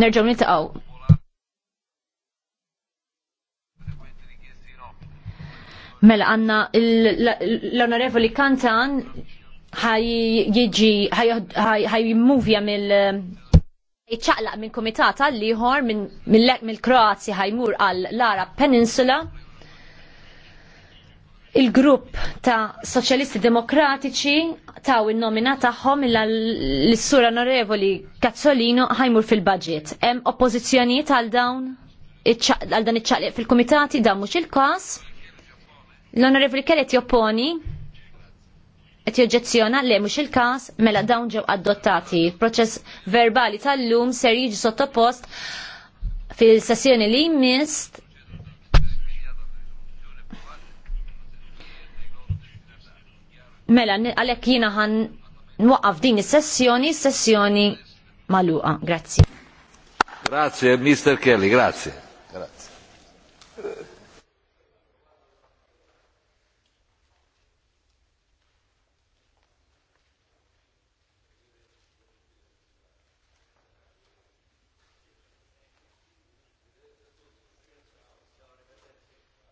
Nerġgħu nitaqaw. Mela għanna l-onorevoli Kantan ħaj jiġi ħaj jimmuvja mill ċaqlaq minn komitat għal liħor mill kroazja ħajmur għal lara arab Peninsula il-grupp ta' Soċjalisti Demokratiċi taw il-nomina tagħhom l-Sur Onorevoli Kazzolino ħajmur fil-budget. Hemm oppożizzjonijiet għal dawn għal dan iċċaqliq fil-kumitati dan mhux il-każ. L-Onorevoli Kelly jopponi qed joġġezzjona li mhux il-każ mela dawn ġew adottati. Proċess verbali tal-lum ser jiġi sottopost fil-sessjoni li jmist Mela, għalhekk jiena ħan nwaqqaf din is-sessjoni, sessjoni magħluqa. Grazzi. Grazie, Mr. Kelly, grazie. Grazie.